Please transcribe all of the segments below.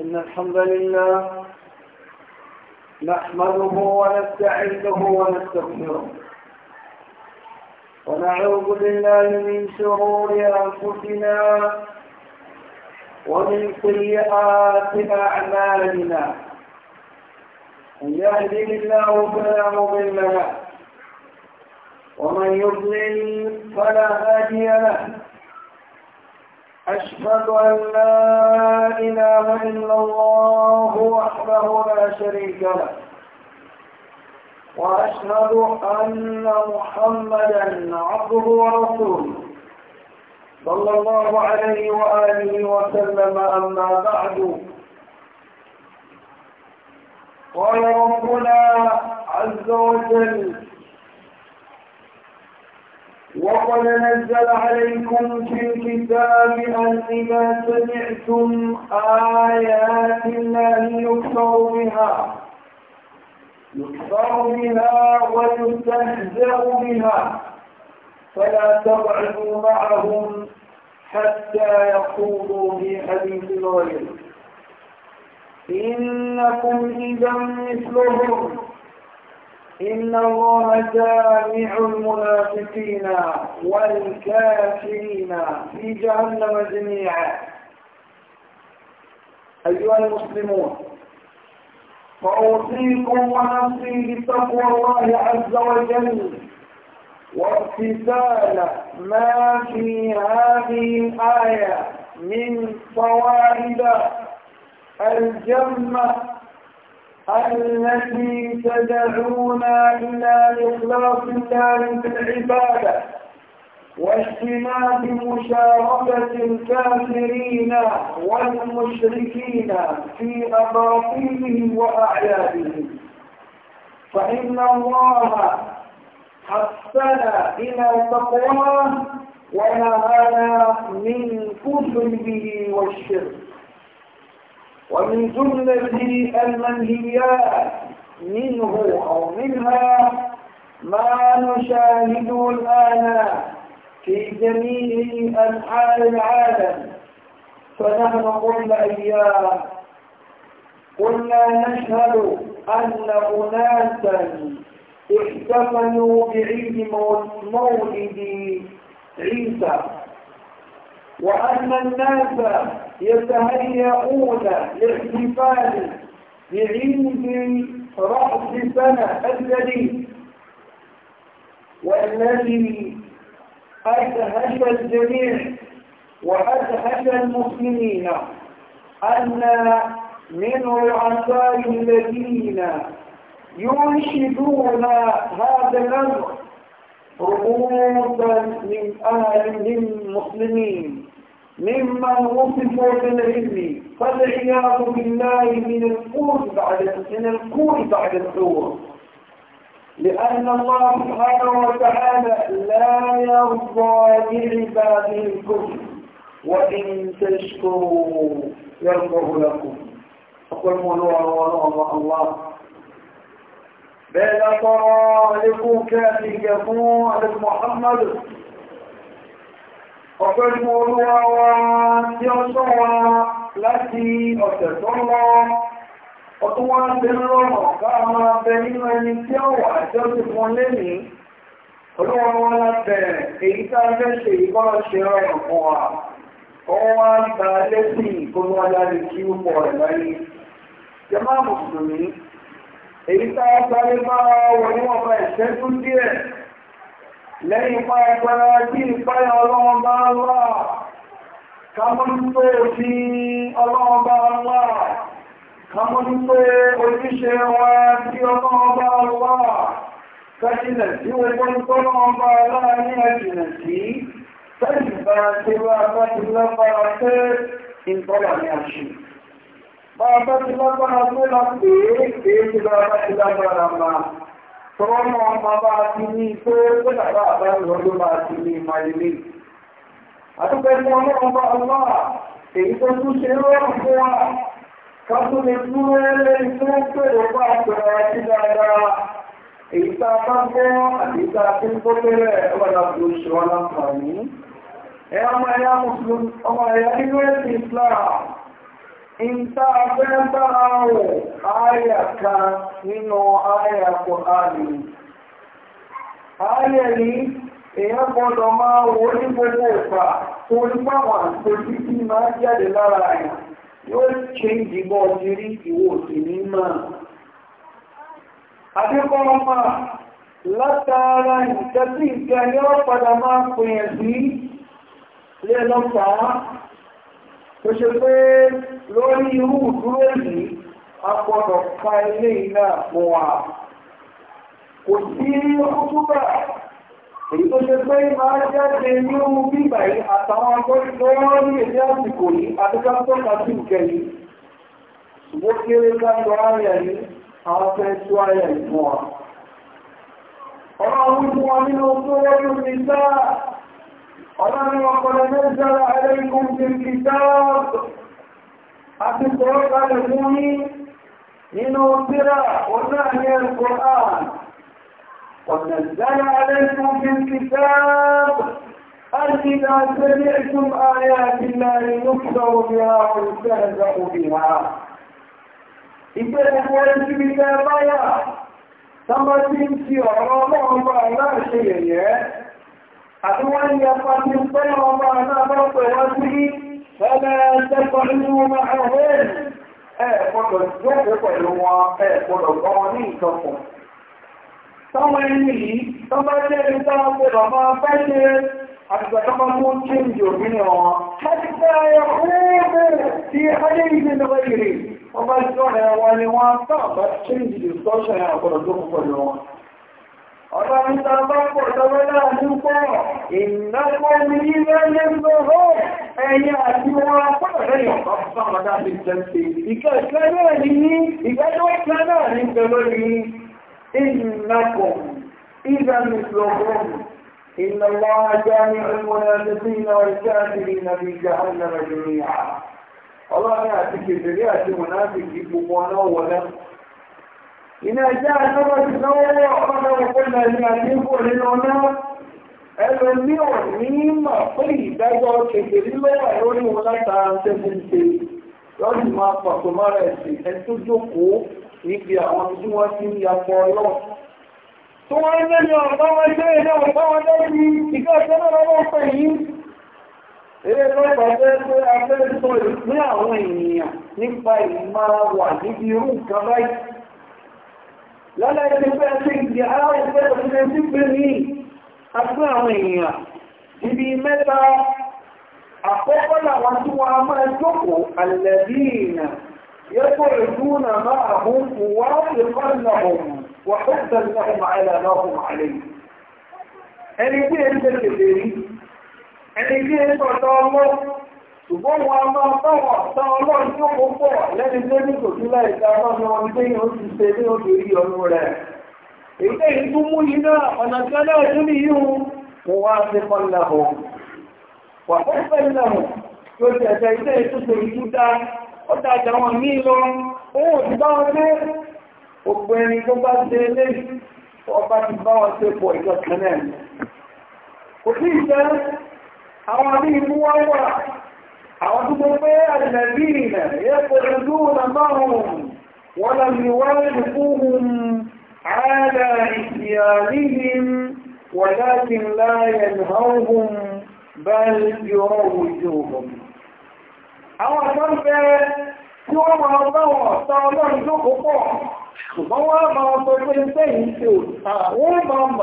إن الحمد لله نحمده ونستعينه ونستغفره ونعوذ بالله من شرور أنفسنا ومن سيئات أعمالنا من يهدي الله فلا مضل له ومن يضلل فلا هادي له أشهد أن لا إله إلا الله وحده لا شريك له وأشهد أن محمدا عبده ورسوله صلى الله عليه وآله وسلم أما بعد قال ربنا عز وجل وقد نزل عليكم في الكتاب أن إذا سمعتم آيات الله يكفر بها يكفر بها ويستهزأ بها فلا تقعدوا معهم حتى يخوضوا في حديث غيره إنكم إذا مثلهم إن الله جامع المنافقين والكافرين في جهنم جميعا أيها المسلمون فأوصيكم ونفسي بتقوى الله عز وجل وابتسال ما في هذه الآية من فوائد الجنة التي تدعونا إلى إخلاص الله في العبادة واجتناب مشاركة الكافرين والمشركين في أباطيلهم وأعيادهم فإن الله حسنا إلى تقواه ونهانا من كفره والشرك ومن جمله المنهيات منه أو منها ما نشاهده الآن في جميع أنحاء العالم فنحن كل أيام كنا نشهد أن أناسا احتفلوا بعيد مولد عيسى وأن الناس يتهيئون لاحتفال بعيد رأس سنة الجديد والذي أدهش الجميع وأدهش المسلمين أن من رؤساء الذين ينشدون هذا الأمر رؤوسا من أهل المسلمين ممن وصفوا بالعلم فالعياذ بالله من الكون بعد من الكون بعد الثور لأن الله سبحانه وتعالى لا يرضى لعباده الكفر وإن تشكروا يرضى لكم أقول مولوها الله, الله بين طرائق كافية محمد ọ̀pẹ́lú olúwa wa tí ó sọ wa láti ọ̀sẹ̀ tó lọ ọdún wá ń bẹ lọ́nà bá máa bẹ nínú ẹni tí ó wà jẹ́ ti fún lẹ́nìí olúwa wọn lábẹ̀ èyí tá a fẹ́ ṣe ìbára ṣe rọrùn fún wa ọwọ́ wá ń ta lẹ́sìn ìkólúwájá lè kí ó pọ̀ rẹ̀ láyé jẹ́ máa mùsùlùmí èyí táyà sáré máa wọ níwọ̀n bá ìṣẹ́jú díẹ̀ lẹ́yìn ipá ẹgbẹ́ra tí ìpáyà ọlọ́wọ́n bá ń wà kámọ́dúpé òfin ọlọ́wọ́n bá ń wà kámọ́dúpé ojúṣe wa tí ọlọ́wọ́n bá ń wà kájínà tí ó gbọ́n tọ́lọ́wọ́n bá láàrin ẹ̀jìnà sí tẹ́jì Bàbá ti lágbára tó lọ pé èé ti bàbá ti lágbára máa. Tọ́wọ́ mọ́ ọmọ bá ti ní tó tó dàbà àbá ìwọ̀n ló bá ti ní ìmọ̀ ilé. Àtúgbẹ́ fún ọlọ́run bá ọlọ́ èyí tó tún ṣe rọrùn fún ẹ̀yà Mùsùlùmí ọmọ ẹ̀yà nínú ẹ̀sìn Islam. Ìta afẹ́bára rẹ̀ ayà kan nínú ayà Kùránì. Ayà yìí, èyàn gbọ́dọ̀ máa wo ní gbogbo ìfà tó ní pàwà tó ní kí máa jáde lára àyà yóò ṣe ń dìbọ̀ jírí ìwò sí ní máa. Adékọ́ máa látara ìtẹ́sí ìkẹ́ yóò padà máa pèèyàn tó ṣe pé lórí irú ìdúró yìí apọ̀dọ̀ ka ilé iná fún wa kò sí ọkútúbà èyí tó ṣe pé máa jáde ní ohun bíbà yìí àtàwọn agbọ́nìyàn ní èdè àsìkò yìí àdúgbà tó ká sí ìkẹ́ yìí ṣùgbọ́n kéré ọlọ́run ọkọ̀ lẹ́nẹ́sára ẹlẹ́kùn ti fi táàkù àti kọ̀ọ́kàlẹ̀ fún ní inú síra ọ̀nà ní ẹ̀kọ́ ààrùn ọ̀nàzára ẹlẹ́kùn ti fi táàkù àti ìdáṣẹ́lẹ̀ ẹ̀kùn ààrẹ àti láàrin lókùnlọ́ òmìnira òṣìṣẹ́ ẹ̀zọ́ àti wọ́n ń yẹ pàtí pẹ́lú ọmọ aláàbọ̀pẹ̀ wọ́n sí fẹ́lẹ̀ tẹ́kọ̀ nínú mahawin ẹ̀ẹ̀kọ́dọ̀ jókòó pẹ̀lú wọn ẹ̀ẹ̀kọ́dọ̀ gbọ́n ní ìjọpọ̀ tọ́wọ́ ẹni yìí tó bá jẹ́ ìtọ́wọ́pẹ̀lọ̀ máa fẹ́ ṣe àtìgbàtọ́kọ́ mú kí ń jò nínú wọn láti ẹ̀yọ̀ fúnrẹ́bẹ̀rẹ̀ tí ayé ìdí lọ́wọ́ Ọlọ́run ta bá pọ̀ lọ́wọ́ láàrin pọ̀, ìnáwó ní ilẹ̀ lè lọ́wọ́, ẹ̀yìn àti wọn apọ̀lọ̀ lẹ́yìn ọ̀pá fún àmàdá ti tẹ́sí. Ìkẹ́ ìkẹ́ ìkẹ́ náà ní pẹ̀lú إن الله جامع المنافقين والكافرين في جهنم جميعا. الله يعطيك الدنيا منافق يبقى ونولا iná ẹjẹ́ àjọ́bọ̀ ti lọ́wọ́ ọmọdéwọ̀ pẹ́lẹ̀ ní àdínkù nínú ọ̀nà ẹlò ní ò ní mọ̀ fún ìdájọ́ kékeré lọ́wọ́ lórí wọn látara ṣe fún ṣe lọ́dì máa pàtó mára ẹ̀sìn ẹ tó jókòó níbi àwọn tí wọ́n ti ń yapọ̀ ọlọ́ tó wọ́n ń lẹ́nu ọ̀pá wọn jẹ́ ilé ọ̀pá wọn lẹ́bi ìgbà ìṣẹ́lẹ̀ lọ́wọ́ pẹ̀ lọ́lá ẹni pé ẹsẹ̀ ìdí aláwọ̀ ìpẹ́ òṣìṣẹ́ sí pé ní agbé àwọn èèyàn ibi mẹ́ta àkọ́kọ́ làwọn tí wọ́n a máa jókòó àlẹ́bíìnà yẹ́kọ̀ ìdúnà máa hún wá sí ṣùgbọ́n wọn a máa báwọn ọ̀tá ọlọ́run tí ó kó pọ̀ lẹ́ni tó ní kò sí láìka ọlọ́run ọmọ ilé yìí ó ti ṣe ní oṣù rí ọdún rẹ̀. èyí tẹ́yìn tún mú yìí náà ọ̀nà tí ọlọ́run tún ní yìí hun mo wá sí kọ́ńdà hù. wà á fẹ́ lẹ́mù tí ó ti ẹ̀sẹ̀ ilé ìtúnṣe ìlú dá ó dájà wọn ní lọ àwọn àbí ìmú wá wà àwọn tó gbogbo àjìnàbí ìrìnà yẹ́ pẹ̀lú na márùn-ún wọ́n lọ ni wọ́n lè fúhun ààrẹ ìsìyàríhìn wọ̀dákin láyẹn ọ̀hún bá yọ òjò àwọn àtọ́n fẹ́ tí wọ́n máa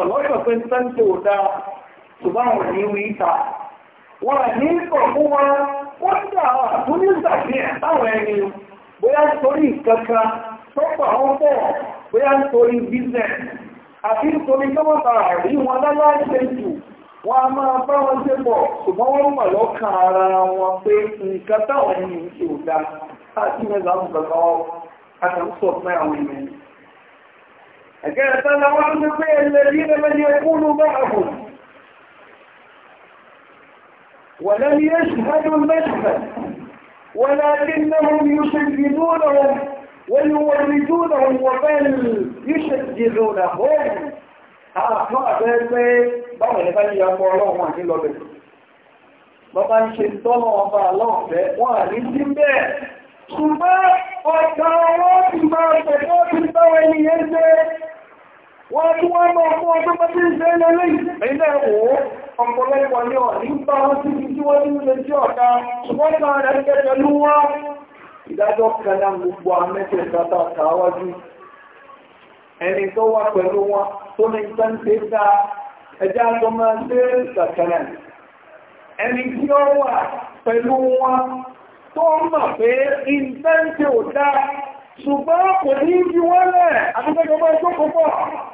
báwọn ọ̀tá ní wíta wọn kódà àtúnígbà ní ẹ̀táwọn ẹni bóyá nítorí ìkankan tó pọ̀ àwọn pọ̀ bóyá nítorí business àti nítorí tọ́wọ́ta rí wọn láláìsẹ̀ jù wọ́n a máa bá wọn ṣe pọ̀ ṣùgbọ́n wọ́n mọ̀ lọ́kàn ara wọn pé nǹkan táwọn ẹni ṣe ò dá àti mẹ́ta ń bàbá wọn àtàkùsọ̀ fún àwọn ènìyàn ẹ̀gẹ́ ẹ̀tọ́ làwọn tó pé ẹlẹ́bí ولم يشهدوا المشهد ولكنهم يشددونهم ويوردونهم وبل يشددونهم àwọn àbẹ́ pé báwọn ìfẹ́ ní ọmọ ọlọ́run àti lọ́bẹ̀. bọ́bá ń ṣe tọ́lọ ọba aláwọ̀fẹ́ wọ́n à ní sí bẹ́ẹ̀ ṣùgbọ́n ọ̀tà wọ́n ti máa pẹ̀lú ti báwọn ènìyàn jẹ́ wọ́n tí wọ́n mọ̀ ọ̀pọ̀lọpọ̀ ni ọ̀ ní bá wọ́n sí tí wọ́n ní ilé tí ọ̀dá ṣùgbọ́n náà rẹ̀ gẹ́gẹ́ ló wá ìdájọ́ kanáà gbogbo amẹ́tẹ̀ tata tàwájú ẹni tó wà pẹ̀lú wọn tó ní ìtàn tẹ́ ta ẹjá tó máa tẹ́ tàkànà ẹni tí ó wà pẹ̀lú wọn tó mọ̀ pé ìtàn tẹ́ ò dá ṣùgbọ́n kò ní ibi wọ́n lẹ̀ àti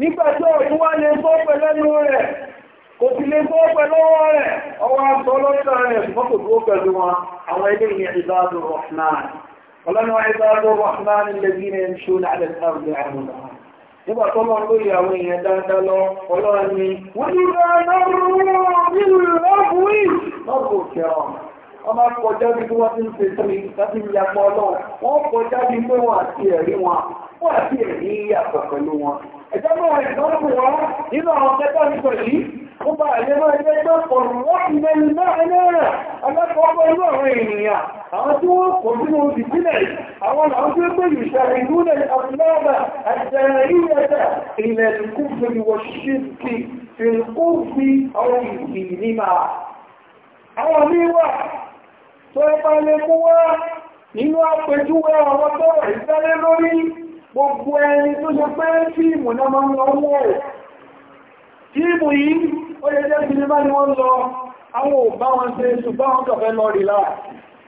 nígbàtí ọ̀tún wá lè bọ́ pẹ̀lẹ́nu rẹ̀ kò sí lè bọ́ pẹ̀lọ́wọ́ rẹ̀ ọwọ́ àtọ́ lọ́ta rẹ̀ mọ́kò tó pẹ̀lú wọn àwọn ilé ìyẹn ìbáàdù rọ̀fnáà ọlọ́nà ìbáàdù rọ̀fnáà ní lẹ́bí ní ṣó ní àdẹ̀sáàbù àmúlà nígbà tó lọ lórí wọ́n máa bí wọ́n ti ń ṣe sórí láti ń ọlọ́run wọ́n kọjá bí wọ́n àti ẹ̀rí wọn wọ́n àti ẹ̀rí yàtọ̀ pẹ̀lú wọn. àwọn tí wọ́n kò sínú oṣù sílẹ̀ àwọn àwọn tí ó gbé ìṣẹ̀lẹ̀ ìlú ilẹ̀ àfúláàbà àjẹ̀rẹ̀ ìyẹ̀dẹ̀ ilẹ̀ ìkúfẹ́ ìwọ̀ṣíṣẹ́ fi kó fi àwọn ìsìn àwọn tó ẹgbẹ́ ilé mú wá nínú àpèjúwé ọwọ́ tó wà ìfẹ́lẹ́ lórí gbogbo ẹni tó ṣe pé fíìmù náà máa ń lọ wọ́ fíìmù yìí ó lè jẹ́ sinimá ni wọ́n lọ àwọn ò bá wọn ṣe ṣùgbọ́n wọn kàfẹ́ lọ rí láà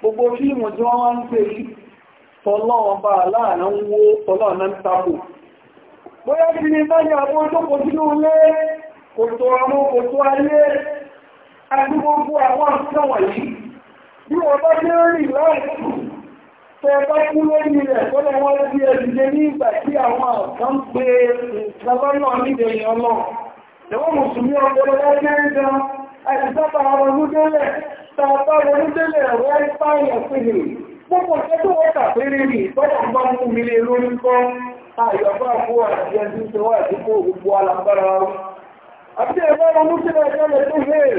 gbogbo fíìmù tí wọ́n wọ́n ń pè yí tọ́lọ́wọ́n bá láàrín ń wó tọ́lọ́ọ̀nà ń bí wọ́n bá jẹ́ rí láìpù tó bá kú lórí rẹ̀ tọ́lọ wọ́n bí ẹ̀dìdẹ ní ìgbà tí àwọn àkàn pé ìjọba nílẹ̀ èèyàn lọ ẹ̀wọ́n mùsùlùmí ọgbọ̀lọ́ lájẹ́ ìjọ àti sábà àwọn olúdélẹ̀ tàbá olúdélẹ̀ ẹ̀rọ ipá ìyàpìlì gbogbo ṣẹ́ tó wọ́n tàbírí rí tọ́lọ̀ ń bá mú mi lè lórí kọ́ àyọ̀bá fún àti ẹni tó wà àdúgbò gbogbo alágbára àti ẹ̀rọ olúdélẹ̀ ẹ̀rọ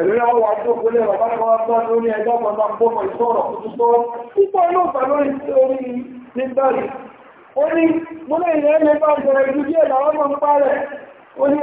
ẹ̀rí ọwọ́ àjọ́kò lè rọ̀ bárakọ́wọ́ lórí ẹjọ́ pàtàkì gbọ́mọ̀ ìṣọ́rọ̀ tuntun sọ́rọ̀ púpọ̀ lóòpà lórí orí nígbàrí ó ní múlẹ̀ ilẹ̀ ẹ̀lẹ́ bá jẹrẹ ìlú díẹ̀ ń ó ní wọ̀n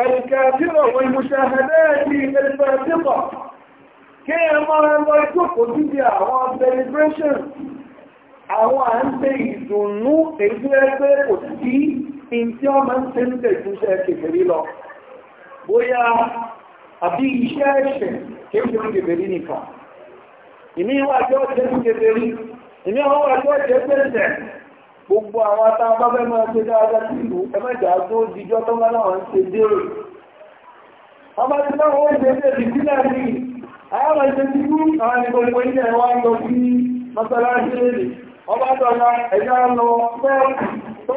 الكافرة والمشاهدات الفاسقة kí ẹ máa lọ ìjókòó dídí àwọn celebration àwọn à ń ṣe ìdùnnú èyí ẹgbẹ́ kò sí ìntí ọmọ ń ṣe ń lè túnṣẹ́ kèfèrí lọ bóyá àbí iṣẹ́ ẹ̀ṣẹ̀ kéèkì ń kèfèrí nìkan ìmí wájọ́ jẹ́ kèfèrí ìmí ọwọ́ wájọ́ jẹ́ pẹ̀sẹ̀ gbogbo àwọn atábábẹ́ máa ṣe dáadáa sí ìlú ẹmẹ́jà tó dìjọ́ tó máa láwọn ṣe dérò ọmọ tí náà wọ́n ṣe ṣe ti sílẹ̀ ní àwọn ìṣẹ́ tí kú àwọn ìgbòlùgbò ilẹ̀ wá ń lọ sí mọ́sálásí lè ọba tọ́lá ẹ̀yà lọ fẹ́ tó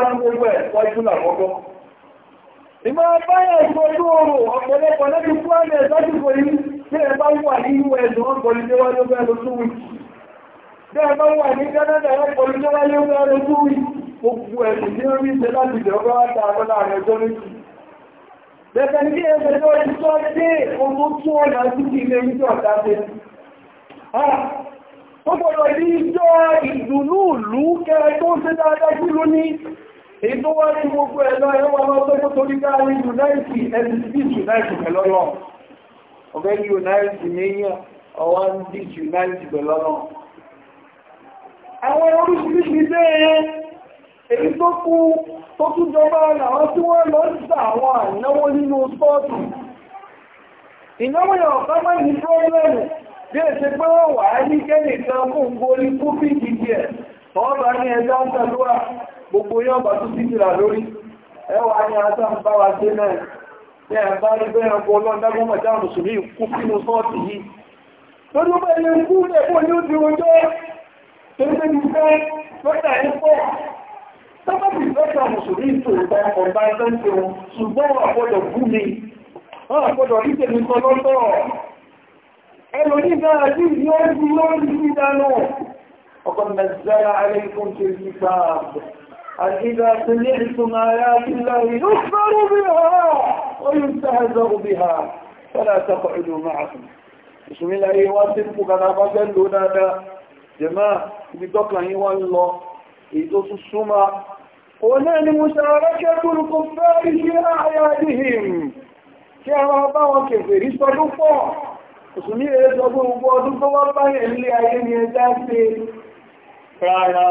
bá bọ́ ìmọ̀ báyẹ̀ ìgbòrò oòrùn ọ̀pọ̀lọpọ̀ lẹ́bí fún àmì ẹ̀sọ́jú gòrí tí ẹ bá wà ní us wọ́n gòrí léwá ló bẹ́ẹ̀ lóṣù wí bí ẹ bá wà ní canada wọ́n gòrí léwá ló bẹ́ẹ̀ lóṣù wí gbogbo ẹ̀sùn tí ó rí ṣe láti ìjọba wá ta àbọ́lá rẹ̀ jọ lóṣù bẹ́ẹ̀ ní ẹgbẹ́ tó ti sọ dé ogun tún ọ̀nà sí ti ilé ìjọ ọ̀tá ṣe ó gbọ́dọ̀ ní Ìbú wá ní gbogbo ẹ̀lọ ẹwà lọ tó torí ká ní Yùnáìtì ẹ̀sìtì Yùnáìtì pẹ̀lú ọlọ́. Ọ̀fẹ́ united méyàn ọwá ń dí Yùnáìtì pẹ̀lú ọlọ́. Àwọn oríṣiríṣi bẹ́ẹ̀ èyí tó kú tó tún jọba àwọn tí wọ́n lọ sà àwọn nínú Ìnáwó gbogbo yóò bá tún títìrà lórí ẹwà ní àtàmbáwa dé náà ní àbá rí bẹ́ẹ̀rẹ̀ ọgbọ̀ ọlọ́ndágbọ́mọ̀ dáwọn mùsùlùmí kú sínú sọ́ọ̀tì yìí lórí ó bẹ́ẹ̀ lè kú lẹ́kọ́ ní ojú ọjọ́ tó ń tẹ́bi fẹ́ lọ́tà ń pọ̀ tọ́pọ̀tì lọ́tà mùsùlùmí tó ìgbà ọ̀gbà ẹgbẹ́ ṣùgbọ́n àpọ̀dọ̀ bú mi wọ́n àpọ̀dọ̀ rí tèmi sọ lọ́tọ̀ ẹlòmí náà sí ìdí ó ń bí ó ń bí dánú ọkọ̀ mẹ́sàrá alẹ́kùn tó ń bí أن إذا سمعتم آيات الله يخبر بها ويستهزأ بها فلا تقعدوا معهم بسم الله يواسفك أنا بسلوا لنا جماعة بتقلع والله إذا السمع ونحن مشاركة الكفار في أعيادهم كما باوا كفر يصدقوا بسم الله يصدقوا وضقوا الله يلي أيام يزاسي فلا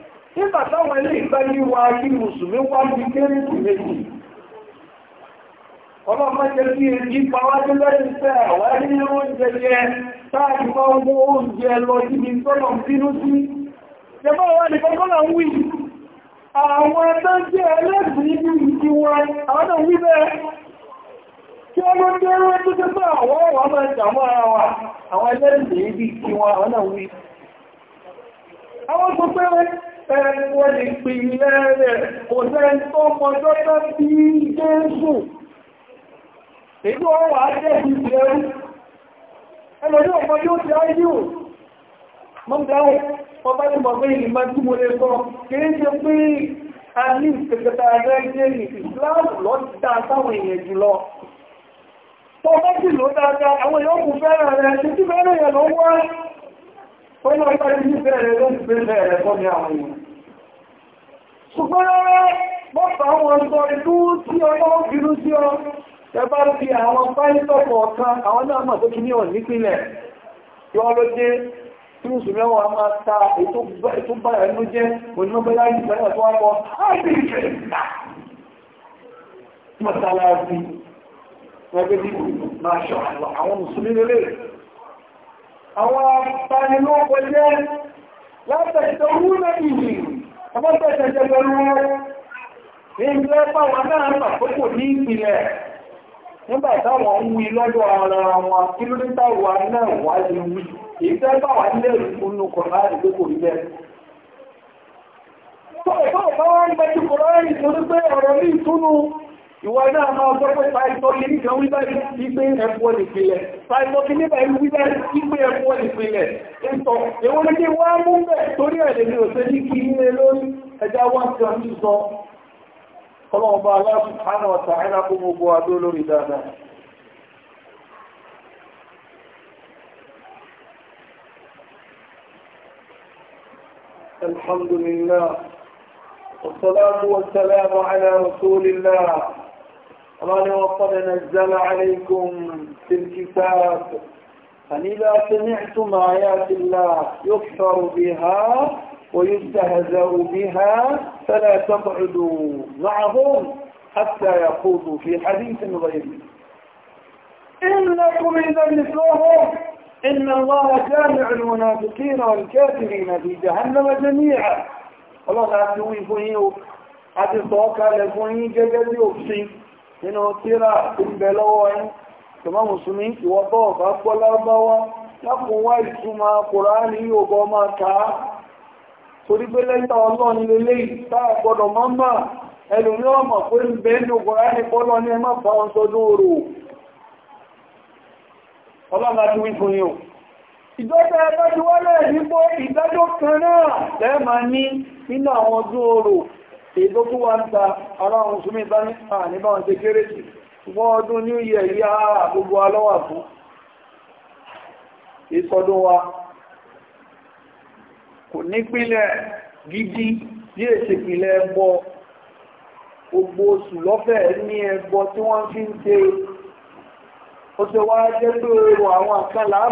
nígbà táwọn ilé ìgbáyíwá ayé mùsùlùmí wá ní kérésì méjì ọmọ mẹ́jẹ sí ipa wá ní lẹ́yìn tẹ́ àwọn ẹni oúnjẹ yẹ táàkì bá ń mú oúnjẹ lọ síbi tọ́nà bínú sí jẹmọ́ wá ní kọ́kọ́lá ń wí àwọn ẹgbẹ́ jẹ́ ẹlẹ́sìn ibi ìdí wọn àwọn náà wí bẹ́ẹ̀ kí ọmọ jẹ́ ẹwẹ́ tó tẹ́ bá àwọn ọwọ́ máa jàmọ́ ara wa àwọn ẹlẹ́sìn ibi ìdí wọn àwọn náà wí àwọn gbogbo ẹwẹ́ ẹgbọ́ lè pè ilẹ̀ rẹ̀ kò tó mọjọ́ tó bí Jésù èdè ọwọ́ ajẹ́ ti jẹun ẹlọ́dí ọmọ yóò ti ayé ò mọ́gbáwọ́ ọba tí mọ̀ pé ìlìmọ̀ tí mo lè sọ kìí ṣe pé a ní dáadáa àwọn èèyàn kù fẹ́ràn rẹ̀ títí fẹ́ràn rẹ̀ lọ́wọ́ Ọlọ́pàá ní bẹ̀rẹ̀ ló ń bẹ̀rẹ̀ fọ́ ní àwọn èèyàn. ṣùgbọ́n rárá mọ́ta àwọn ọjọ́ ìlú tí ọlọ́run bínú sí ọ ẹbá fi àwọn pàìsọ̀pọ̀ ọ̀kan àwọn náà mọ̀ tó kí ní ọ̀nà nípínlẹ̀ yọ́ ló dé tí mùsùlùmí wọn máa ta ètò bá ẹnu jẹ́ ọgbọ́gbẹ̀ẹ́sẹ̀ jẹ́ lọ́rú ẹgbẹ́ pàwọn náà pàkókò ní ìpìlẹ̀ nígbà táwọn ń wí lọ́dọ̀ ara wọn kí ló nígbà wà náà wà ní wí ìgbẹ́ pàwọn nílẹ̀ ìpinnu kọ̀ọ̀lá ìgbẹ́kò rí bẹ́ẹ̀ tó ẹ̀kọ́ ọ̀pá wọn ń ìwọ náà máa gbọ́gbọ́ pàìtọ́ kìí kan wíbẹ̀rẹ̀ ìgbé ẹ̀fọ́ ìpìlẹ̀ pàìtọ́ kìí bẹ̀rẹ̀ wíbẹ̀rẹ̀ ìgbé ẹ̀fọ́ ìpìlẹ̀ ìtọ̀ èwọ́n ní wá mú bẹ̀ torí ẹ̀lẹ́ ní òṣè ní kí ní lórí ẹjá wá sí الحمد لله والصلاة والسلام على رسول الله قال وقد نزل عليكم في الكتاب أن إذا سمعتم آيات الله يكفر بها ويستهزأ بها فلا تقعدوا معهم حتى يخوضوا في حديث غيره إنكم إذا مثلهم إن الله جامع المنافقين والكافرين في جهنم جميعا الله لا توي فيه عدي صوكا لفيه جدد يبصي nínú tíra tó ń bẹ lọ́wọ́ ẹ̀ tọ́mọ́ mùsùlùmí ìwọ́ bọ́ ọ̀bá gbọ́ lárúbáwá lápò wá ìtumọ̀ kùránì yóò bọ́ máa kà á torí pé lẹ́yìn ọlọ́run lélẹ́ ìtàà gbọ́dọ̀ máa máa ẹlùmí ọmọ pé ń bẹ́ ní kùránì pọ́lọ ní ẹmọ́ bá wọn sọdún orò ọlọ́run àti wí fún yóò ìjọba ẹgbẹ́ ti wọ́lẹ̀ nígbó ìdájọ́ kan náà lẹ́ẹ̀mà ní nínú àwọn ọdún orò èdò tó wà ń ta ará ohun súnmí bá ní àà ní báwọn ṣe kéré jù ṣùgbọ́n ọdún wa kò gidi bí èsì ìpìlẹ̀ ẹbọ oṣù ní ẹbọ tí wọ́n fi ń ṣe ó ṣe wá jẹ́ pé àwọn àkàlà á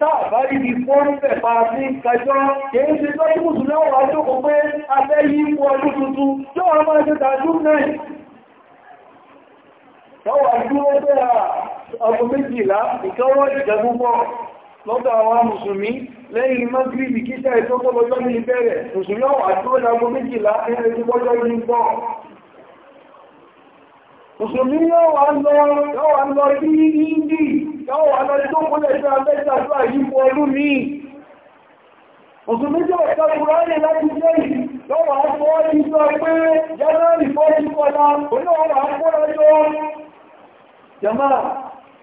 Táàbá ibi fọ́nfẹ̀ máa sí kẹjọ́, kìí ṣe tó kí Mùsùlùmí wà jókòó pé a fẹ́ yí ipò ọdún tuntun, yóò wọ́n máa ṣe tàjú náà. Tọ́wà dúró pé à ọdún méjìlá ìkọwọ́ ìjẹgúgbọ́ lọ́dọ̀ àwọn Mùsùlùmí lẹ́yìn Mágírìbì kíṣà ìtọ́kọ́lọ́jọ́ ní ìbẹ̀rẹ̀, Mùsùlùmí wà dúró lágún méjìlá ẹgbẹ̀rẹ̀ ìgbọ́jọ́ ní gbọ́. Mùsùlùmí yóò wà lọ sí Índì káwọ̀ wà lọ́dí tó kúlẹ̀ sí méjì ọ̀tọ́ kúrọ́lẹ̀ láti jẹ́ yìí lọ́wọ́ àpọ̀ ọdún sọ pé jẹ́rẹ́rì fọ́jú kọlá oníwọ̀wọ̀ àpọ̀lọ́jọ́ jẹ́mà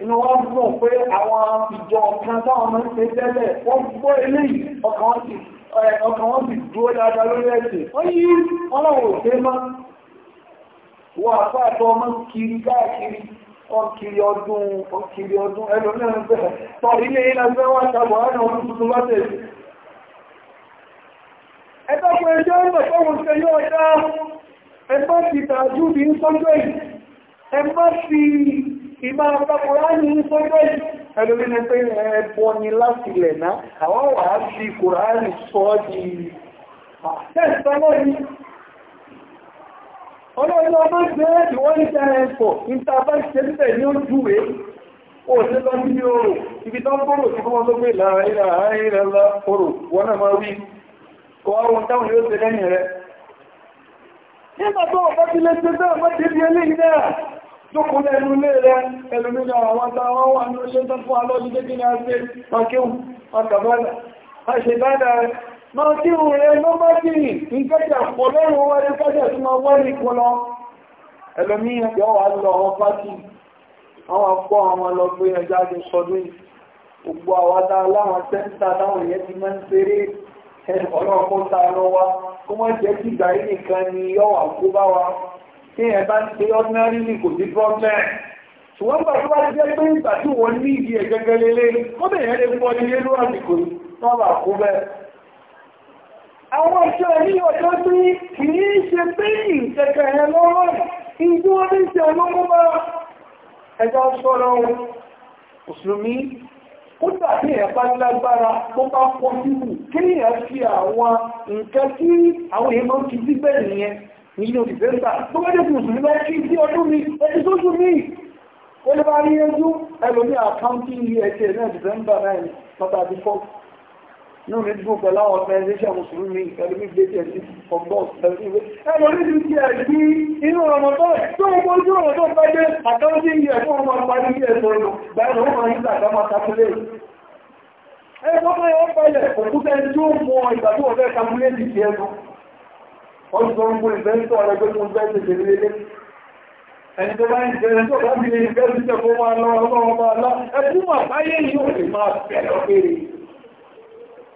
inú wọn mọ̀ pé àwọn ìjọ kan táwọn ṣe tẹ́lẹ̀ ọkiri ọdún ọkiri ọdún ẹlòmíràn bẹ̀rẹ̀ tọ́ ilé ìlànà wà ṣàbọ̀ ẹ̀nà ọdún tuntun lọ́tẹ̀ yìí ẹgbẹ́ pé ẹjọ́ ìgbẹ̀ fọ́wọ́n ṣe yóò dá ẹgbẹ́ ti tààjú bí ń sọ́jọ́ yìí ẹgbẹ́ fi ìmá àpapọ̀lá ní sọ́jọ́ yìí ẹlòmíràn pé ẹbọ ni láti lẹ̀ náà àwọn wà á fi kòránì sọ́ ọlọ́run ọmọ jẹ́ ìwọ́n ní jẹ́ ẹ̀fọ́ ìtàbá ìṣẹ́lẹ̀ ní ojúwé ó ṣe lọ sí ní oòrùn ibi tán kóró tí wọ́n tó gbé láàárín àárín ẹ̀lá kóró wọ́n náà máa wí kọ́ àwọn táwọn yóò ṣe lẹ́yìn rẹ̀ nígbà tó ọ̀pá ti lè ṣe bẹ́ẹ̀ mọ́ ti rí eléyìí náà lókò lẹ́nu ilé rẹ̀ ẹlòmínà àwọn táwọn wà ní ilé tán fún alọ́jú ma kí ń rẹ̀ ló má kí ìkẹ́jà pọ̀ lọ́rùn wá ní kájà tí ma wá ní kún lọ ẹlòmí ẹgbẹ́ wà lọ àwọn pátì àwọn akọ́ àwọn lọ pé ẹjá ti sọdún gbogbo àwádá láwọn sẹ́ńtà táwọn yẹn ti máa ń ṣeré ọlọ́pọ̀ ta lọ wa kó mọ́ jẹ́ kí ìgbà yìí ni yọ wà kó bá wa tí ẹ bá ni kò sí problem gbà tó bá ti jẹ́ pé ìgbà tí wọ́n ní ìdí ẹ̀ lélẹ́ kó bẹ̀rẹ̀ lè fọ́ ilé lórí àsìkò yìí bà kó bẹ́ẹ̀ àwọn ìṣẹ́ ẹ̀rí ọjọ́ tí kì í ṣe pé ìṣẹ̀kẹ̀ ẹ̀ lọ́rọ̀ ìjú wọ́n ní ṣe ọlọ́mọ́mọ́ ẹjọ́ sọ́rọ̀ òṣùmí ó tàbí ẹ̀bá lágbára tó bá pọ̀ síbù kí èèyàn fi àwọn nǹkan tí àwọn èèyàn ti gbígbẹ́ nìyẹn nínú dìbẹ́ńtà tó bá dé mùsùlùmí bá kí sí ọdún mi ẹni tó sùn mí ó lè bá rí ẹjú ẹlòmí àkáǹtì ẹ̀jẹ̀ náà dìbẹ́ńtà náà pàtàkì fọ́ọ̀kì ní òní dúró pẹ̀lú àwọn organization mùsùlùmí pẹ̀lú bí gbé tẹ̀lé ọgbọ́n pẹ̀lú ìwé ẹ̀rọ nínú ti ẹ̀rí inú ọmọ tó tó ń kó ojú ọ̀rọ̀ tó fẹ́ dé àtọ́jú ìyẹ̀ tó ń máa parí ilé ẹ̀sọ́ lọ báyìí ló máa ń gbà ká máa kalkulé ẹgbọ́n tó yọ pẹ̀lẹ̀ òkúta tí ó mọ ìgbà tó ọ̀fẹ́ kalkulé ti ti ẹnu wọ́n ti sọ ń gbó ìfẹ́ntọ́ rẹ̀ pé mo fẹ́ tètè lélé ẹni tó bá ń jẹ ẹni tó bá bí ilé ìfẹ́ títẹ̀ kó máa lọ ọlọ́run máa lọ ẹkú mà báyé yóò lè máa bẹ̀rẹ̀ ọ̀fẹ́rẹ̀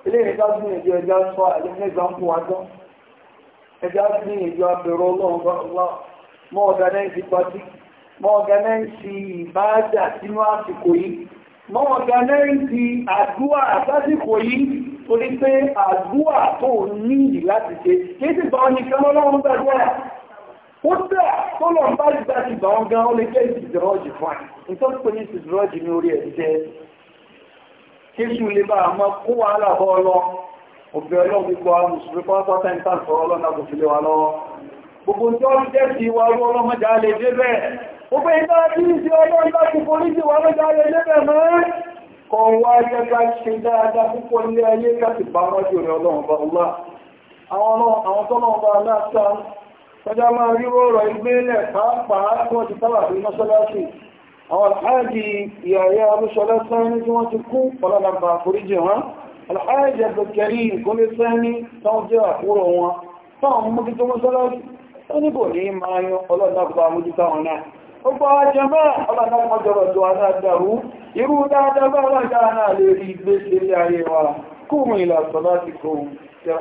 eléyìí ẹja gbìyànjú ẹja sọ àlẹ́mẹ́gbà ń fún wa tán ẹja gbìyànjú abẹ̀rọ ọlọ́run bá wà mọ́ ọ̀gánáìsì pàtí mọ́ ọ̀gánáìsì ìbáàjà sínú àsìkò yìí mọ́ ọ̀gánáìsì àdúà àtàsìkò yìí torí pé àdúà tó ní ìdí láti ṣe kí sì bá ní kan ọlọ́run gbàdúrà ó tẹ́ tó lọ bá gbà ti bá wọn gan ó lè jẹ́ ìsìdìrọ́jì fún àìsàn tó pè ní ìsìdìrọ́jì ní orí ẹ̀ kéṣù lè bá àmọ́ kó wà lábọ́ ọlọ́ ọ̀bẹ̀ ọlọ́ gbogbo àwọn mùsùlùmí pátá ń tàn sọ̀rọ̀ ọlọ́nà kò sílé wa lọ́wọ́ gbogbo tó ń jẹ́ sí wa rú ọlọ́mọdé alẹ́ dé bẹ́ẹ̀ gbogbo ìgbà tí ń sí ọlọ́run láti forí sí wa lọ́jà alẹ́ dé bẹ́ẹ̀ mọ́ kọ̀ wá jẹ́ ká ṣe dáadáa àwọn alhaji ìyàyà arúṣọlá sáyẹni tí wọ́n ti kú ọlọ́lọ́gbà àforíjì wọn alhaji abdulkari ìkólé sáyẹni táwọn jẹ́ àkúrò wọn táwọn mójútó mọ́sálásí ó níbò ní máa yan ọlọ́lọ́gbà mójútó wọn náà ó bá jẹmọ́ ọlọ́lọ́gbà jọrọ̀ tó adáadáru irú dáadáa bá ọlọ́dáa náà lè rí ìgbésí ayé wa kúrò ìlà sọ́lá ti kò tẹ́